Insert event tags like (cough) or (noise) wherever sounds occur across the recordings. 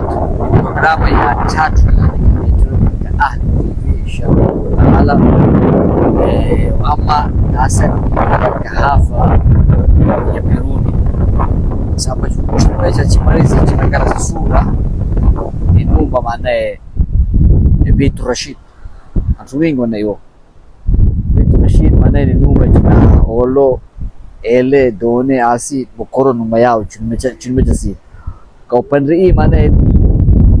tatu, programu ya tatu ya TV Tawala. Ama hasa kahafa ya Peruni saba chukumecha chimalizi chimekata sura inumba maanaye Beit Rashid antu wingi wanaiwo Beit Rashid maanaye inumba china olo ele done asi bokoro numa yao chinimecha si ka upande hii maanaye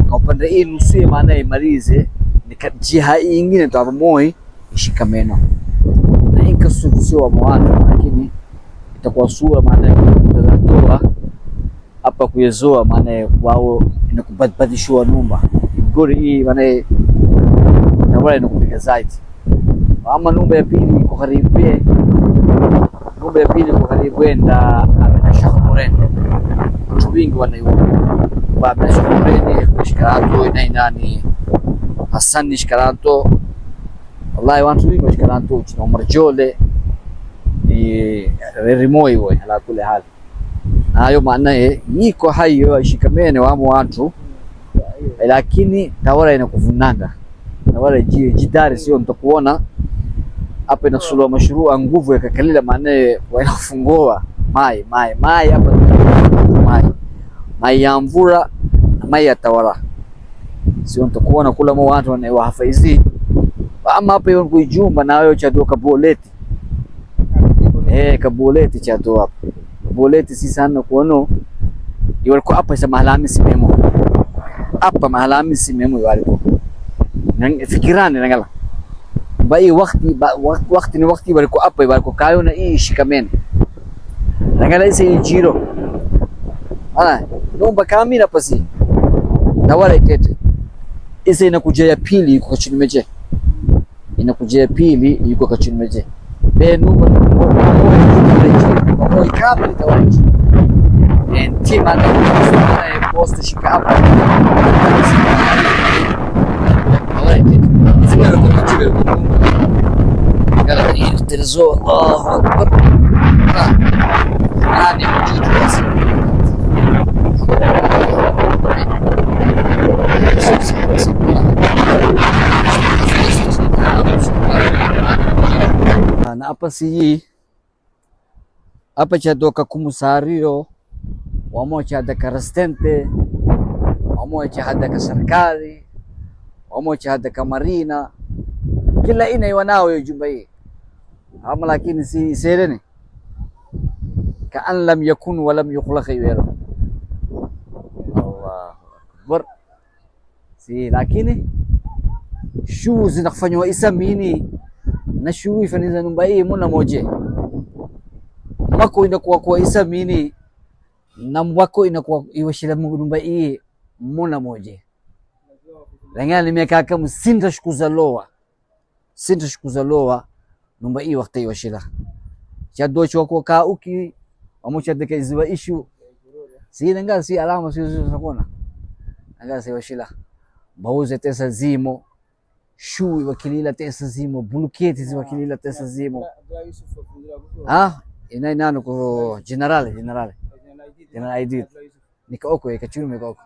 na upande hii msima naye imalize, nikajia hii nyingine tawamoi meno na wa mawatu, lakini itakuwa sura maana ndoa hapa kuyezoa maana wao inakupatishwa numba gori hii maana na wale inakupiga zaidi ama numba ya pili kwa karibu Ng'ombe ya pili kwa karibu kwenda Abdashkureni, watu wingi wanaiona kwa Abdashkureni kushikaranto ina nani Hassan nishikaranto, wallahi watu wingi washikaranto chini Omar Jole ni rimoi wewe ala kule hali na nayo maana ye eh, niko hayo eh, washikamene wamo watu eh, lakini tawara inakuvunanga tawara jidari sio mtakuona hapa inasuluwa mashurua nguvu ya kakalila maanaye wanafungua mai mai mai hapa mai mai ya mvura na mai ya tawara, sio nitakuwa na kula mwa watu wanawahafaizi ama hapa yon kujumba na hiyo cha doka boleti eh kaboleti cha doka hapa boleti si sana kuono yuko hapa sema Alhamisi memo hapa mahalamisi memo yuko fikirani nangala ba i waqti ba waqti ni waqti bari ku apay bari ku kayo na i shikameni nagala isa i jiro ah nomba kamina pasi na wala itete isa na ya pili iko kachini meje inakuja ya pili iko kachini meje benu moi kabla tawaji enti mana ya posta shikapa Olha, isso é o que eu zilizo. Allahu akbar, ah, na apa siyi apa chadoka kumusariyo wamocha hadaka restente wamocha hadaka serikali wamocha hadaka marina kila ina iwanayo jumba hii ama lakini si ka kaan lam yakun walam yukhlaq iweero Allahu akbar si lakini shuu zinakufanywa isamini na shuu ifaniza nyumba hii muna moje mako inakuwa kwa isamini na mwako inakuwa iweshela nyumba hii muna moje langana nimekaa kama sintashikuza loa sintashikuza loa numba i e, waqti yo shila chaddo choko ka uki amucha ke zwa ishu si nanga si alama si oh, si sakona nanga si wa washila bauze tesa zimo shui wakilila tesa zimo buluketi ziwakilila tesa zimo ha ina ina ko general general ina id nikaoko ikachuru mikaoko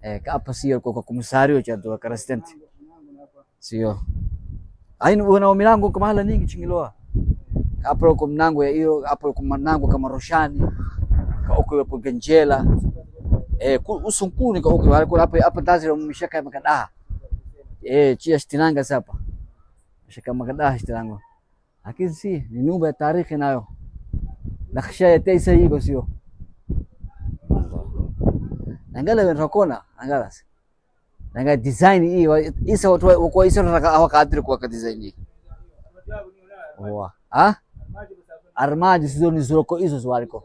eh ka eh, apa ko ko komisario cha do tu assistant sio oh. Aini una milango kama hala nyingi chingiloa. Hapo kwa mlango ya hiyo, hapo kwa mlango kama Roshani, kwa uko hapo Genjela. Eh, usunkuni kwa uko hapo hapo hapo ndazi eh, ya mshaka ya makadaa. Eh, chia shitinanga sapa. Mishaka makada shitinanga. Lakini si ni nyumba ya tarehe nayo. na kisha ya tesa hiyo sio. Angala wenrakona, angala. Si na design hii isa watu wako isa nataka hawakaadri kwa ka design hii wa ha armaji sizo ni zuroko hizo zwariko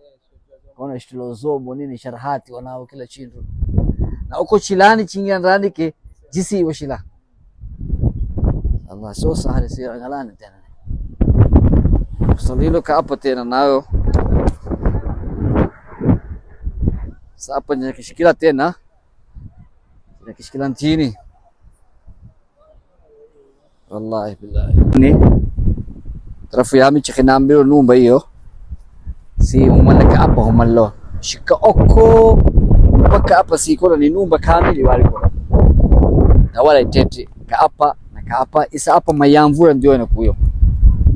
ona shtilo zobo nini sharhati wanao kila chindu na uko chilani chingi ndani ke jisi wa shila Allah so sahali si galani tena salilo ka apa tena nayo sapa nyakishikila tena yakishikilia mtini, wallahi billahi, ni tarafu yami chikhinambiro numba hiyo si umalaka apa humalo shika oko mpaka si sikona ni numba kamili wali walikona na wala itete apa na ka apa isa apa mayamvura ndio kuyo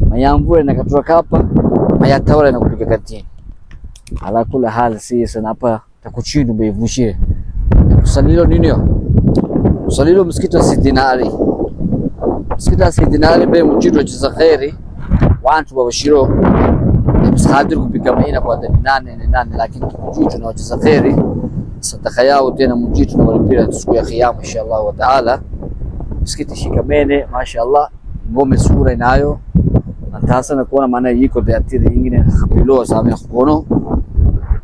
mayamvura na katura kaapa mayatawala na kupiga kantini ala kula hali si isa na apa takuchinu beivushie kusalilo ninyo Swali hilo msikiti wa Sidinari, msikiti wa Sidinari be mchitwa chiza kheri wantu wa washiro na msahadiri kupika maina kwa dani nane ni nane, lakini tukujutu na wachiza kheri sadaka yao tena mjitu na walipira siku ya kiyama inshallah wa taala. Msikiti shikamene, mashaallah ngome sura inayo natasa na kuona maana yiko de deatiri nyingine khapilo sami khono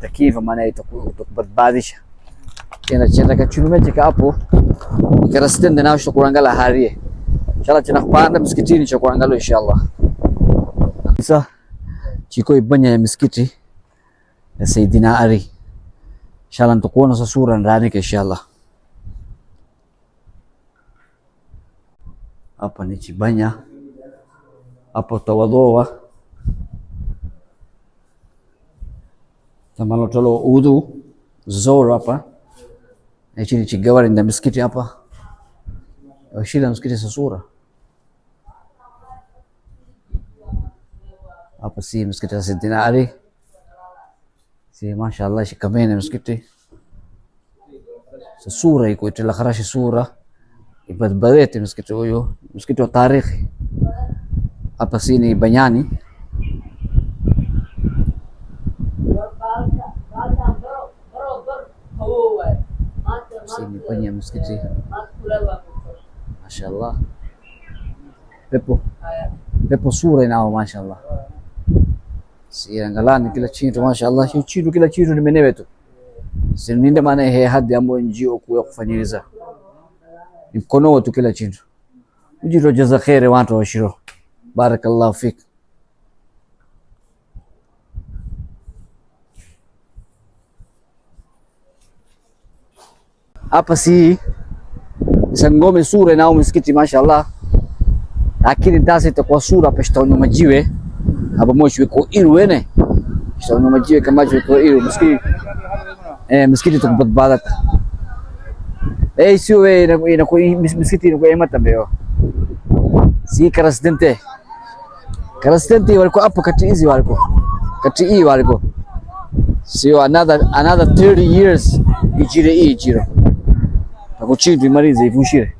takiva maana itakubadbadisha tena chenda kachunume chika hapo ikarasitende nayo sho kurangala harie inshallah tena kupanda msikitini cha inshallah sasa chiko ibanya ya msikiti ya Sayyidina Ali inshallah nitakuona sa sura ndani inshallah hapa ni Chibanya, hapo tawadhoa tamalotolo udhu zoro hapa Hichi ni Chigawa ndio msikiti hapa. Washida msikiti Sasura. Hapa si msikiti wa Sidina Ali. Si mashaallah shikamene msikiti. Sasura iko itila kharashi sura. Ibadbarete msikiti huyo, msikiti wa tarikhi. Hapa si ni Banyani. kwenye msikiti. Eh, mashallah, pepo pepo sura inao, mashallah. Si angalani kila chintu, mashallah, hiyo chintu, kila chintu ni menewe tu, si ninde maana he hadi ambayo njio kuya kufanyiliza ni mkono wetu kila chintu ujitokeza khere watu washiro. Barakallahu fik hapa si Sangome sura nao msikiti mashallah, lakini ndasi itakuwa sura pashtaona majiwe hapo moshi weko iru wene shtaona majiwe kama weko iru msikiti eh, msikiti tukubadbada eh, sio we na kwa msikiti kwa yema tambeo si karasdente karasdente walikuwa hapo kati hizi walikuwa kati hii walikuwa sio another another 30 years ijire ijiro ucciso i mariti dei fucili.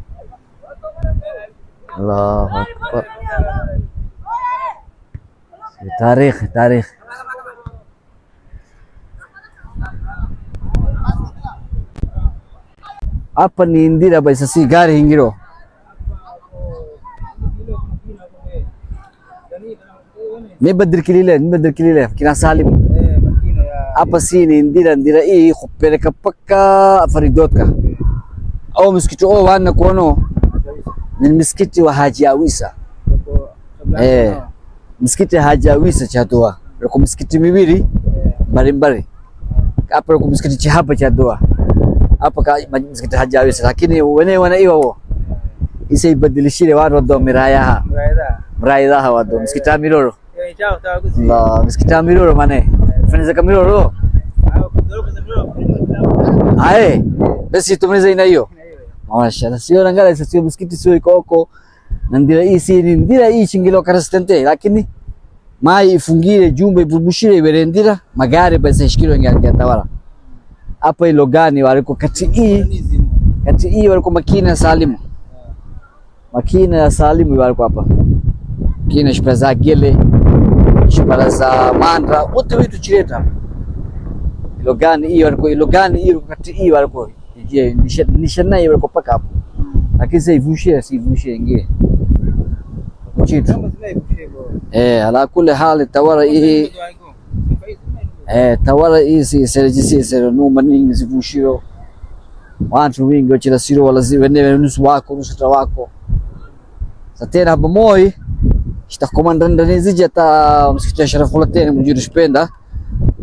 Allahu Akbar. تاريخ تاريخ apa ni indira baisa gari hingiro me badr kilile me badr kilile kina salim apa ini indira indira dirai? kupereka peka faridotka au msikiti oo wana kuono ni msikiti wa Haji Awisa eh, msikiti Haji Awisa chadoa ko msikiti miwili mbalimbali hapa ko msikiti cha hapa cha doa hapa ka msikiti Haji Awisa, lakini wenyewe wanaiwa wao isaibadilishile watu wado mirayaha ha wado msikiti amiroro eh, eh, na msikiti amiroro mane faniza kamiroro aye basi tumeza ina hiyo Masha, sio nangala sio msikiti sio ikoko na ndira hii si ni ndira hii shingilo karastente lakini mai ifungire jumbe ibubushire ndira magari basi shikilo ngangatawala hapa ilo gani waliko kati hii kati hii waliko makina ya salimu makina ya salimu waliko hapa kina shipara za gele shipara za mandra wote vitu chileta ilo gani hii waliko ilo gani hii kati hii waliko je, nishana kwa paka hapo, mm. lakini sasa ivushe sivushe ingie kitu eh, ala kule hali tawara hii eh, tawara hii si hizi serejisizero numa ningi zivushiro wantu wingi wachilasiro walaziwenewe nusu wako nusu ta wako satena hapo moi shitakomanda ndani zija ta msikiti Sharafullah tena mjuri shipenda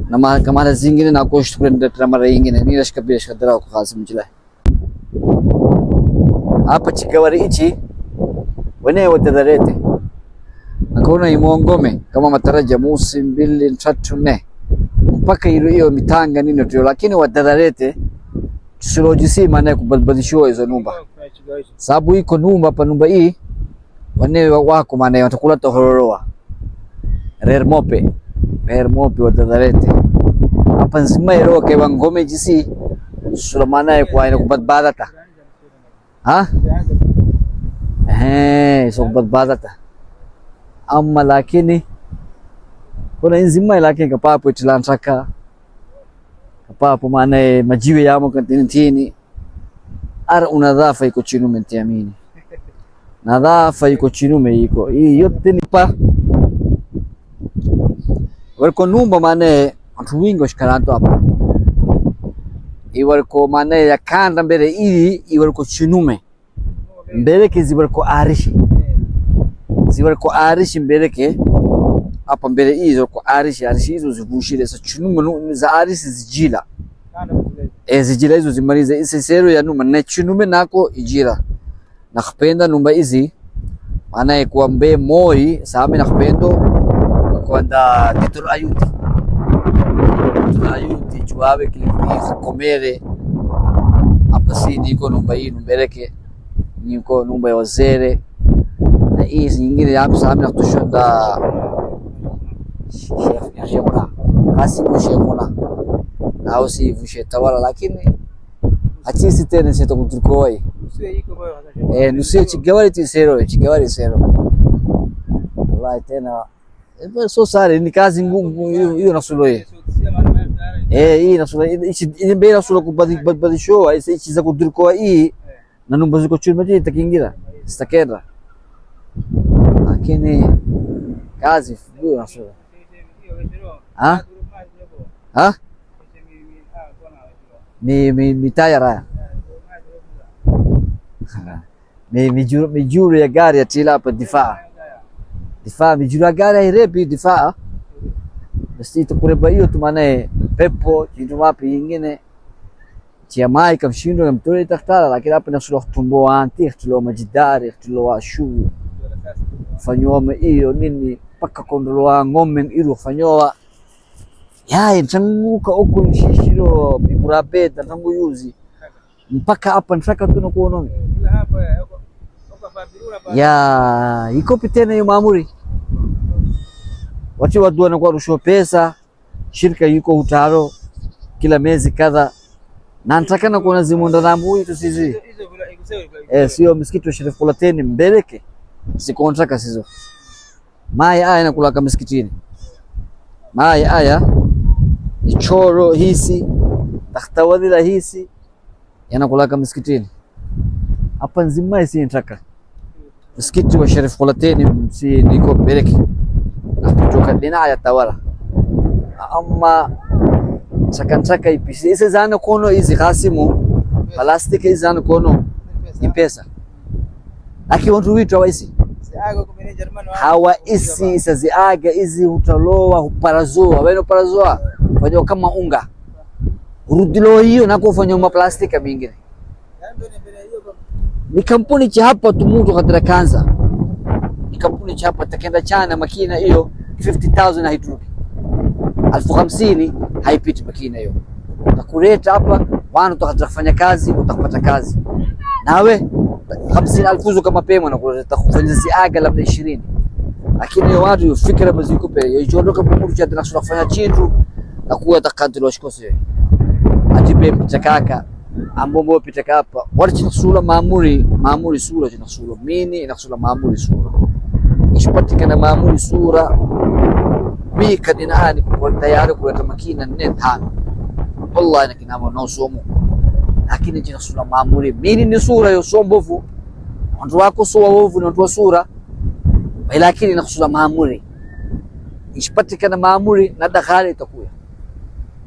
na mara zingine nakoshi kwenda tena mara nyingine, ni nilashika shaka dara kwa kazi mjila hapa chikawari ichi wenyewe na kuna imongome kama mataraja mosi mbili tatu nne mpaka ile hiyo mitanga nini tu, lakini watadarete tusilojisi maana kubadilishwa hizo numba sababu iko numba pa numba hii wanewe wako maana watakula tohororoa rermope Hermopi wa Nazareti hapa nzima ero ke wangome jisi sulamana ya kwa ina kubadbada badata ha eh so kubadbada badata amma lakini kuna nzima lakini kapapo itilantaka kapapo maana majiwe yamo kantini tini ara unadhafa iko chinu mentiamini nadhafa iko chini iko hii yote pa wariko numba mane watu wingi washikaranto hapa iwariko manaye yakanda mbere ili iwariko chinume mbereke ziwariko arishi ziwariko arishi mbereke hapa mbere hizo kwa arishi arishi hizo zivushile sa chinume za arishi zijila e zijila hizo zimalize isesero ya numa na chinume nako ijira nakupenda numba hizi manaye mbe moi sami nakupendo kwenda Ayuti. turaayuti Ayuti chuave kilikuiza komere hapa si niko numba hii numbereke niko numba ya wazere na hii nyingine yakusamina kutushonda shekuna hasibu shekuna au vushe tawala lakini achisi tene setokuturikowai nusie chigawari tisero chigawari sero wallahi tena Sio sare ni kazi ngumu hiyo, hiyo eh, eh, hii nasuluhi ichi mbele nasuluhi ah, hizi hizi za kudrikoa hii eh. na numba ziko chini hii takingira stakera, lakini kazi hiyo sulo ha ha ah? ah? mi mi mitayara mi (laughs) mijuru ya gari ya tila hapa difaa difaa mijunagana irepi difaa basi tukureba hiyo tu, maanaye pepo jindu mapi ingine tia mai kam ikamshindwa na mtore taktara lakini hapa na sura tumbo anti tulo majidari tulo ashu fanyoa fanyowa hiyo nini paka kondolowa ng'ombe iru fanyowa yaye tanguka uko nshishiro beta tangu yuzi mpaka hapa ntaka tunakuona ya ikopi tena hiyo maamuri Wati watu wanakuwa rushwa pesa, shirika yuko utaro kila mezi kadha, na nataka na kuona zimonda na mbuyi tu sisi eh, sio msikiti wa Sharif Kulateni mbeleke si contract sizo maya aya na kulaka msikitini maya aya ichoro hisi la hisi yanakulaka msikitini hapa nzima isi nataka msikiti wa Sharif Kulateni si niko mbeleke kutoka ya tawala ama shakanshaka ipisi isi zana kono izi khasimu palastiki izi zana kono ni pesa aki wantu witwa waisi hawa isi ziaga izi hutalowa huparazoa weno parazoa fanyo kama unga rudilo hiyo na kufanya ma maplastika mingine ni kampuni cha hapa tumutu katira kanza ni kampuni cha hapa takenda chana makina hiyo 50,000 haitupi, elfu hamsini haipiti Makina hiyo. Utakuleta hapa wana, utakatafanya kazi, utakapata kazi nawe hamsini alfuzu kama mapema na kuleta kufanya ziaga labda ishirini, lakini watu fikra mazikupe yajondoka mkuru cha tena kufanya chindu na kuwa takati lo shikose atibe mtakaka ambombo pitaka hapa wala chinasula maamuri maamuri sura chinasula mini inasula maamuri sura ishkubatikana maamuli suura miika kwa tayari kuleta makina nne tano wallahi na kinama naosomo lakini jina sura maamuli mini ni sura yo sombovu wantu wako so waovu ni wantu wa sura lakini nakusura maamuli ishipatikana maamuli na dakhali itakuya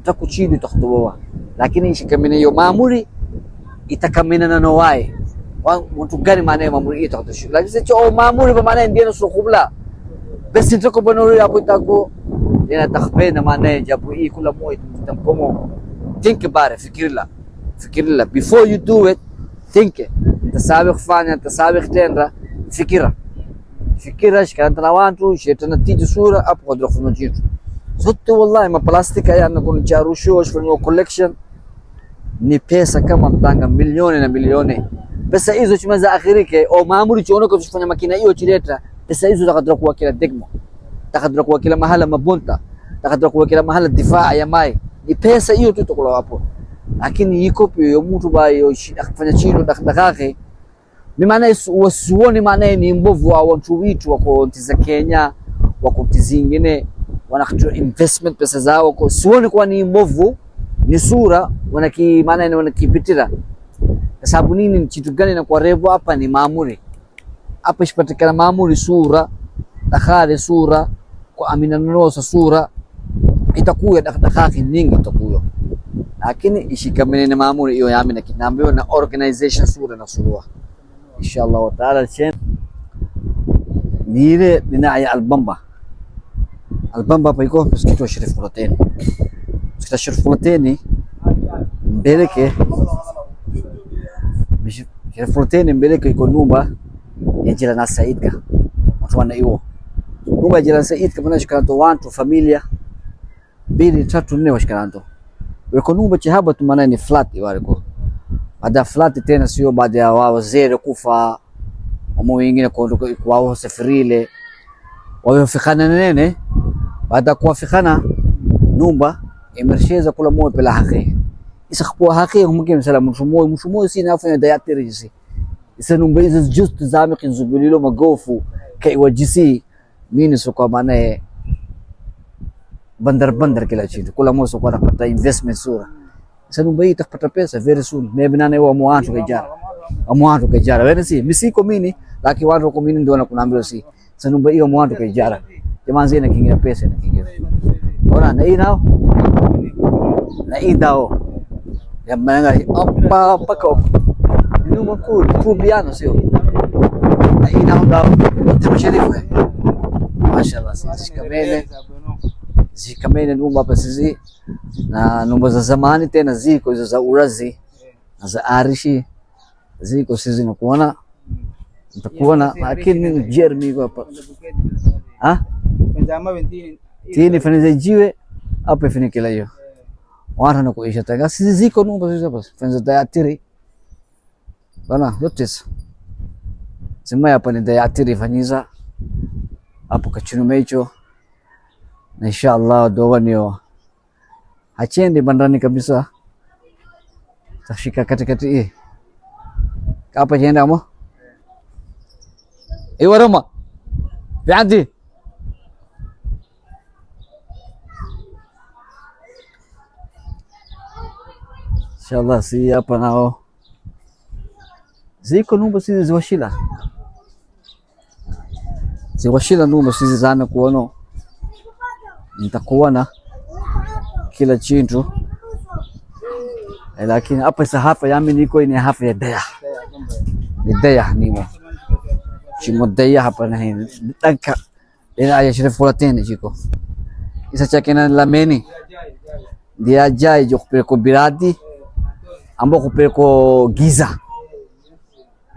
utakuchidi utakutoboa lakini ishikamina yo itakamina itakaminana nawaye gani maana ya mamuri itakatoshu lakini sicho oh, mamuri kwa maana ndiye nusu kubla basi nitoko bonori ya kuitako ina takhbena maana ya jabu hii kula moyo tamkomo think about it fikirla fikirla before you do it think it tasabih fanya tasabih tenda fikira fikira shikaranta na watu shetana tiji sura hapo kwa drofu mjitu zote wallahi maplastika haya nakuna charusho kwa collection ni pesa kama mtanga milioni na milioni pesa hizo chimaza akhirike o maamuri chono kwa kufanya makina hiyo chileta pesa hizo zakadra kuwa kila degmo takadra kuwa kila mahala mabunta takadra kuwa kila mahala difa ya mai ni pesa hiyo tu tukula hapo lakini iko pio mtu bayo kufanya chino dakdakake ni maana wasuoni maana ni mbovu au watu witu wa nchi za Kenya wa nchi zingine wanakitoa investment pesa zao kwa suoni kwa ni mbovu ni sura wanaki maana ni wanakipitira kwa sababu nini? Ni kitu gani na kwa revo hapa? Ni maamuri hapa, ishipatikana maamuri sura dakhali sura kwa amina nulosa sura itakuya dakdakaki nyingi itakuwa, lakini ishikamene na maamuri iyo amina kitambiwa na organization sura na sura inshallah taala chen niile dhinaca ya Albamba. Albamba hapa iko msikiti wa Sharif Fulateni, msikiti wa Sharif Fulateni mbeleke efoten mbeleko iko numba ya jirani Saidka mtwana hiyo numba ya jirani Saidka mwana shikana to wantu familia mbili tatu nne washikana to weko numba chihaba tu maana ni flat wariko ada flat tena sio baada ya wao zere kufa ama wengine kwao safirile fikana nene baada kuwafikana numba imersheza kula moyo pela haki isa kuwa haki umuke mesela mushumoyo mushumoyo si nafanya dayat terejisi isa numbeza just zamik nzubulilo magofu kai wajisi mini sokwa maana ye bandar bandar kila chintu kula moso kwa napata investment sura isa numbai tapata pesa very soon maybe nane wa mwanzo kejara amwanzo kejara wewe si misiko mini laki wanzo ko mini ndio nakunambia si isa numbai wa mwanzo kejara jamaa zina kingira pesa na kingira ona na hii nao na hii dao Yamanga hapa mpaka huko. Nyuma kubiano sio? Mashallah, Zikamene nyumba hapa sisi na nyumba za zamani tena ziko hizo za urazi na za arishi ziko sisi nakuona mtakuona, lakini Jeremy hapa ah tini fanize jiwe hapa ifinikila hiyo watu kuisha taka sisi ziko nyumba hizo hapa fenzo dayatiri bana yote sema ya pani dayatiri fanyiza apo kachinu mecho na inshallah doa niyo hachendi bandani kabisa, tashika katikati hii eh. hapa jenda mo iwaroma eh, viadi Inshallah, si hapa nao ziko numba sizi ziwashila ziwashila numba sizi zana kuona nitakuona kila chintu eh, lakini hapa isa hafa yami niko ini hafa ya daya ni daya nimo chimo daya hapa na hini danka ina ya shirifu kula tene chiko isa chakena lameni dia jai jokupira kubiradi ambao kupeko giza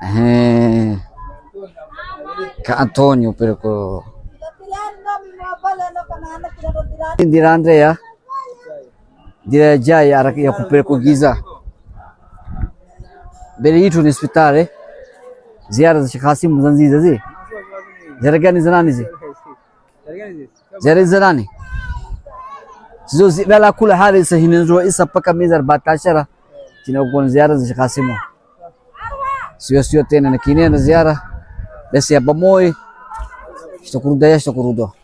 eh, ka Antonio pereko ndirande ya dirajai ya kupeko giza mbele yitu ni hospitali. Ziara za Sheikh Hasim Zanziza zi ziara gani za nani zi ziara za nani zizo zinala kula hali sahihi ndio isa paka mizar batashara tunakuwa ziara za Kasimo, sio sio tena na kinena ziara basi ya pamoja, tutakurudia tutakurudia